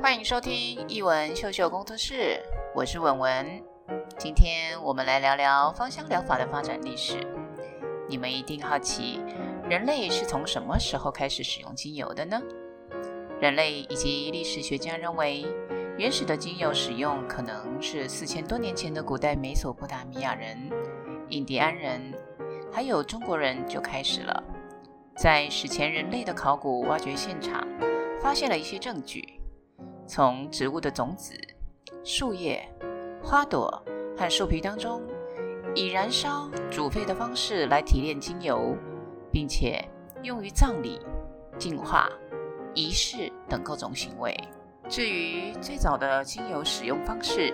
歡迎收聽譯文秀秀工作室，我是文文。今天我們來聊聊芳香療法的發展歷史。你們一定好奇，人類是從什麼時候開始使用精油的呢？人類以及歷史學家認為，原始的精油使用可能是四千多年前的古代美索不達米亞人、印第安人，還有中國人就開始了。在史前人類的考古挖掘現場，發現了一些證據。從植物的種子、樹葉、花朵和樹皮當中，以燃燒、煮沸的方式來提煉精油，並且用於葬禮、淨化、儀式等各種行為。至於最早的精油使用方式，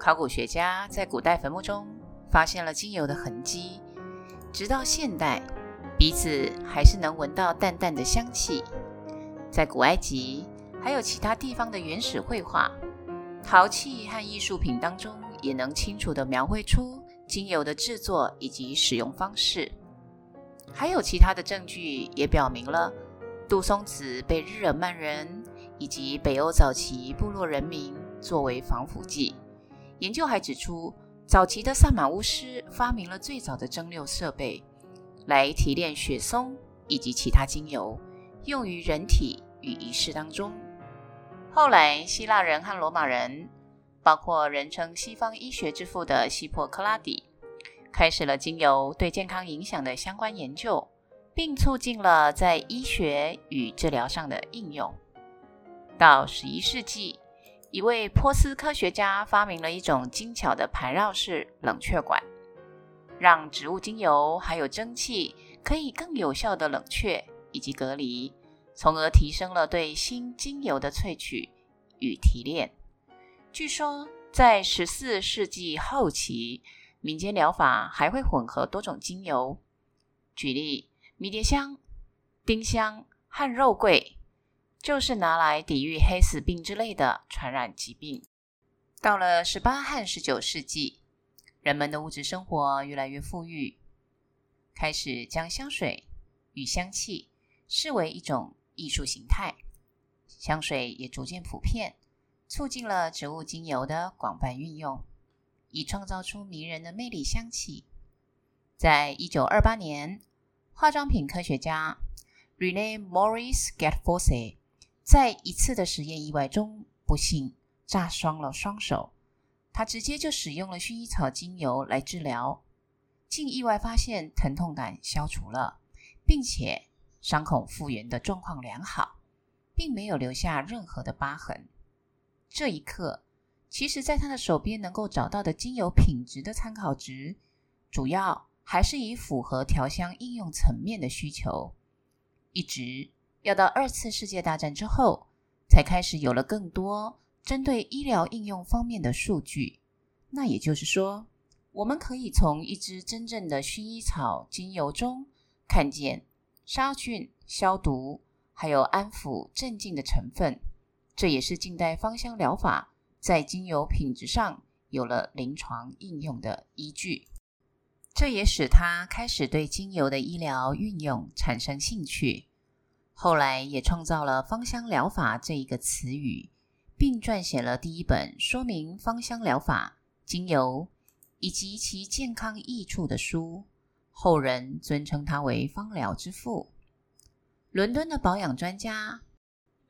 考古學家在古代墳墓中發現了精油的痕跡，直到現代，鼻子還是能聞到淡淡的香氣。在古埃及，還有其他地方的原始繪畫、陶器和藝術品當中，也能清楚地描繪出精油的制作以及使用方式。還有其他的證據也表明了杜松子被日耳曼人以及北歐早期部落人民作為防腐劑。研究還指出，早期的薩滿巫師發明了最早的蒸餾設備，來提煉雪松以及其他精油，用於人體與儀式當中。後來，希臘人和羅馬人，包括人稱西方醫學之父的希波克拉底，開始了精油對健康影響的相關研究，並促進了在醫學與治療上的應用。到十一世紀，一位波斯科學家發明了一種精巧的盤繞式冷卻管，讓植物精油還有蒸汽可以更有效的冷卻以及隔離。從而提升了對新精油的萃取與提煉。據說，在十四世紀後期，民間療法還會混合多種精油，舉例迷迭香、丁香和肉桂，就是拿來抵禦黑死病之類的傳染疾病。到了十八和十九世紀，人們的物質生活越來越富裕，開始將香水與香氣視為一種，藝術形態，香水也逐漸普遍，促進了植物精油的廣泛運用，以創造出迷人的魅力香氣。在一九二八年，化妝品科學家 René-Maurice Gattefossé 在一次的實驗意外中，不幸炸傷了雙手。他直接就使用了薰衣草精油來治療，竟意外發現疼痛感消除了，並且。傷口復原的狀況良好，並沒有留下任何的疤痕。這一刻，其實，在他的手邊能夠找到的精油品質的參考值，主要還是以符合調香應用層面的需求。一直要到二次世界大戰之後，才開始有了更多針對醫療應用方面的數據。那也就是說，我們可以從一支真正的薰衣草精油中看見。殺菌、消毒，還有安撫、鎮靜的成分，這也是近代芳香療法在精油品質上有了臨床應用的依據。這也使他開始對精油的醫療運用產生興趣，後來也創造了“芳香療法”這一個詞語，並撰寫了第一本說明芳香療法、精油以及其健康益處的書。後人尊稱他為“芳療之父”。倫敦的保養專家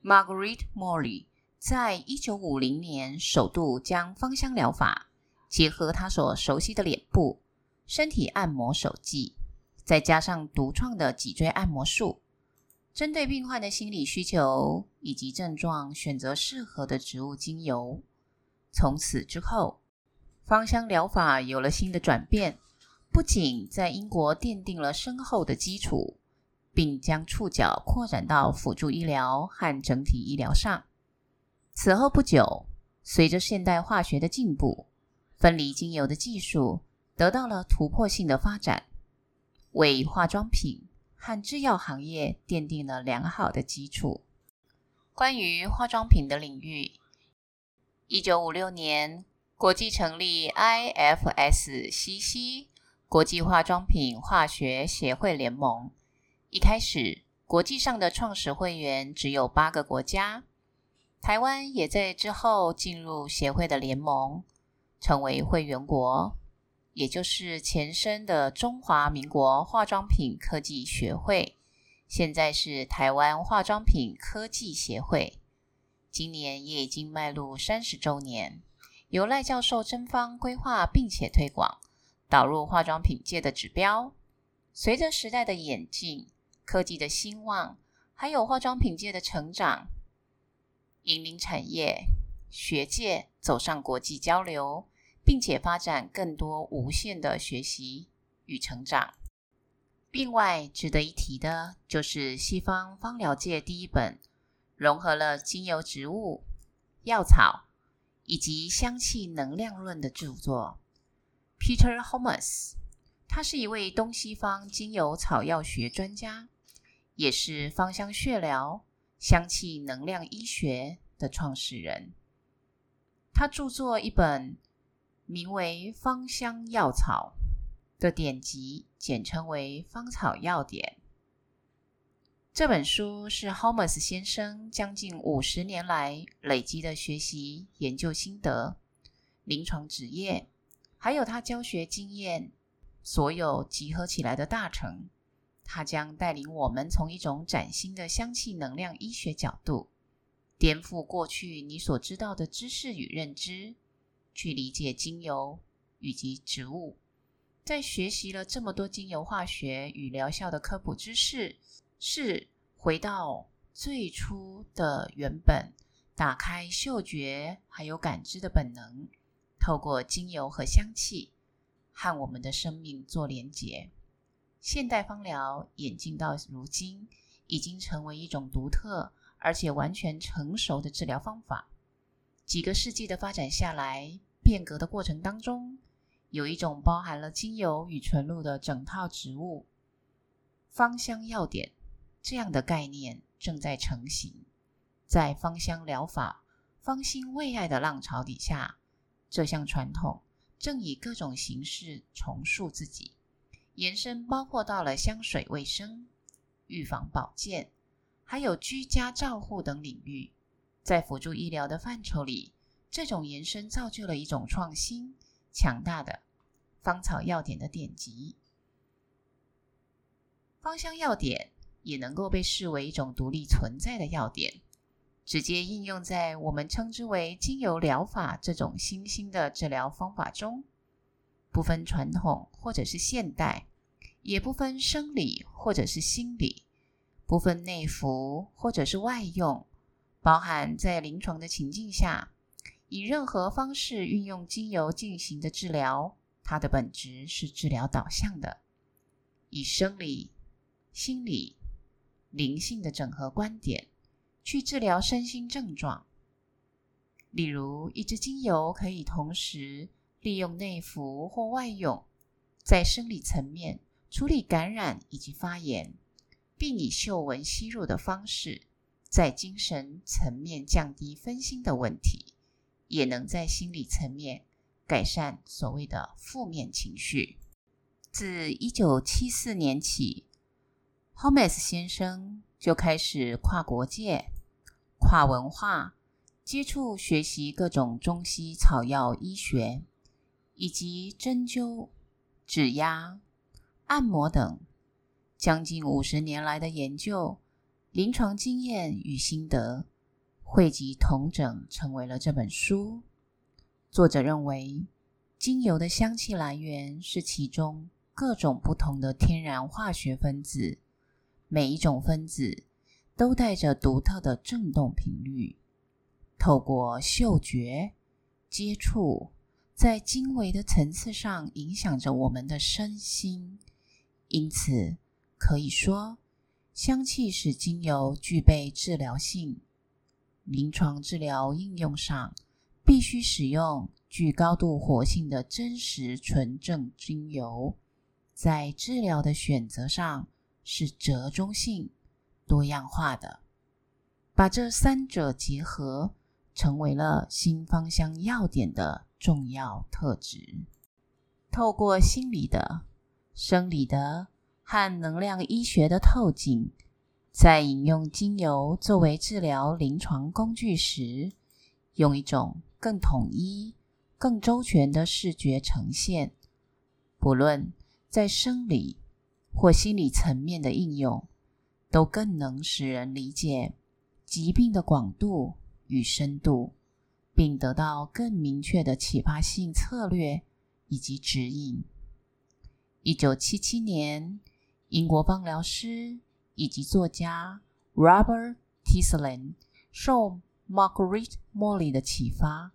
Marguerite Maury 在1950年首度將芳香療法結合他所熟悉的臉部、身體按摩手技，再加上獨創的脊椎按摩術，針對病患的心理需求以及症狀，選擇適合的植物精油。從此之後，芳香療法有了新的轉變。不僅在英國奠定了深厚的基礎，並將觸角擴展到輔助醫療和整體醫療上。此後不久，隨着現代化學的進步，分離精油的技術得到了突破性的發展，為化妝品和製藥行業奠定了良好的基礎。關於化妝品的領域，一九五六年，國際成立 IFSCC。國際化妝品化學協會聯盟，一開始國際上的創始會員只有八個國家，台灣也在之後進入協會的聯盟，成為會員國，也就是前身的中華民國化妝品科技學會，現在是台灣化妝品科技協會，今年也已經邁入三十周年，由賴教授真方規劃並且推廣。導入化妝品界的指標，隨着時代的演進、科技的興旺，還有化妝品界的成長，引領產業，學界走上國際交流，並且發展更多無限的學習與成長。另外值得一提的，就是西方芳療界第一本融合了精油植物、藥草以及香氣能量論的著作。Peter Holmes 他是一位東西方精油草藥學專家，也是芳香血療、香氣能量醫學的創始人。他著作一本名為《芳香藥草》的典籍，簡稱為《芳草藥典》。這本書是 Holmes 先生將近五十年來累積的學習、研究心得、臨床職業。還有他教學經驗，所有集合起來的大成，他將帶領我們從一種嶄新的香氣能量醫學角度，顛覆過去你所知道的知識與認知，去理解精油以及植物。在學習了這麼多精油化學與療效的科普知識，是回到最初的原本，打開嗅覺還有感知的本能。透過精油和香氣和我們的生命做連結。現代芳療演進到如今，已經成為一種獨特而且完全成熟的治療方法。幾個世紀的發展下來，變革的過程當中，有一種包含了精油與純露的整套植物芳香藥典，這樣的概念正在成型。在芳香療法方興未艾的浪潮底下。這項傳統正以各種形式重塑自己，延伸包括到了香水、衛生、預防保健，還有居家照護等領域。在輔助醫療的範疇裡，這種延伸造就了一種創新、強大的芳草藥典的典籍。芳香藥典也能夠被視為一種獨立存在的藥典。直接應用在我們稱之為精油療法這種新興的治療方法中，不分傳統或者是現代，也不分生理或者是心理，不分內服或者是外用，包含在臨床的情境下，以任何方式運用精油進行的治療，它的本質是治療導向的，以生理、心理、靈性的整合觀點。去治療身心症狀，例如一支精油可以同時利用內服或外用，在生理層面處理感染以及發炎，並以嗅聞吸入的方式，在精神層面降低分心的問題，也能在心理層面改善所謂的負面情緒。自一九七四年起 Holmes 先生就開始跨國界。跨文化接觸、學習各種中西草藥醫學，以及針灸、指壓、按摩等將近五十年來的研究、臨床經驗與心得，彙集統整成為了這本書。作者認為，精油的香氣來源是其中各種不同的天然化學分子，每一種分子。都帶着獨特的振動頻率，透過嗅覺、接觸，在精微的層次上影響着我們的身心。因此，可以說，香氣使精油具備治療性。臨床治療應用上，必須使用具高度活性的真實純正精油。在治療的選擇上，是折中性。多樣化的，把這三者結合，成為了新方向要點的重要特質。透過心理的、生理的和能量醫學的透鏡，在引用精油作為治療臨床工具時，用一種更統一、更周全的視覺呈現，不論在生理或心理層面的應用，都更能使人理解疾病的廣度與深度，並得到更明確的啟發性策略以及指引。一九七七年，英國芳療師以及作家 Robert Tisserand 受 Marguerite Maury 的啟發，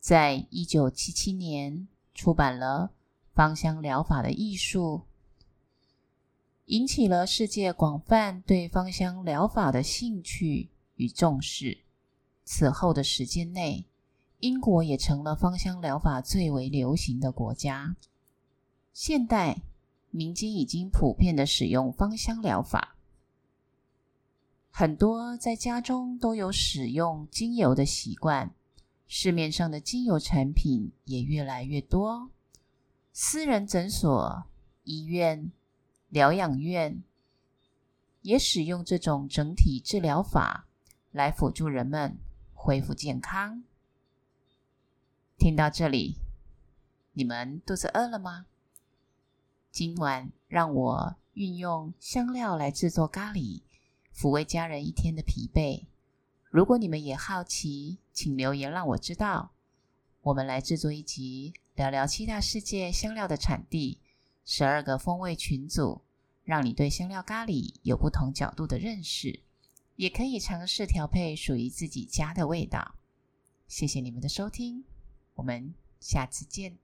在一九七七年出版了《芳香療法的藝術》。引起了世界廣泛對芳香療法的興趣與重視。此後的時間內，英國也成了芳香療法最為流行的國家。現代民間已經普遍的使用芳香療法，很多在家中都有使用精油的習慣。市面上的精油產品也越來越多。私人診所、醫院、療養院也使用這種整體治療法來輔助人們恢復健康。聽到這裡，你們肚子餓了嗎？今晚讓我運用香料來制作咖喱，撫慰家人一天的疲憊。如果你們也好奇，請留言讓我知道。我們來制作一集，聊聊七大世界香料的產地，十二個風味群組。讓你對香料咖喱有不同角度的認識，也可以嘗試調配屬於自己家的味道。謝謝你們的收聽，我們下次見。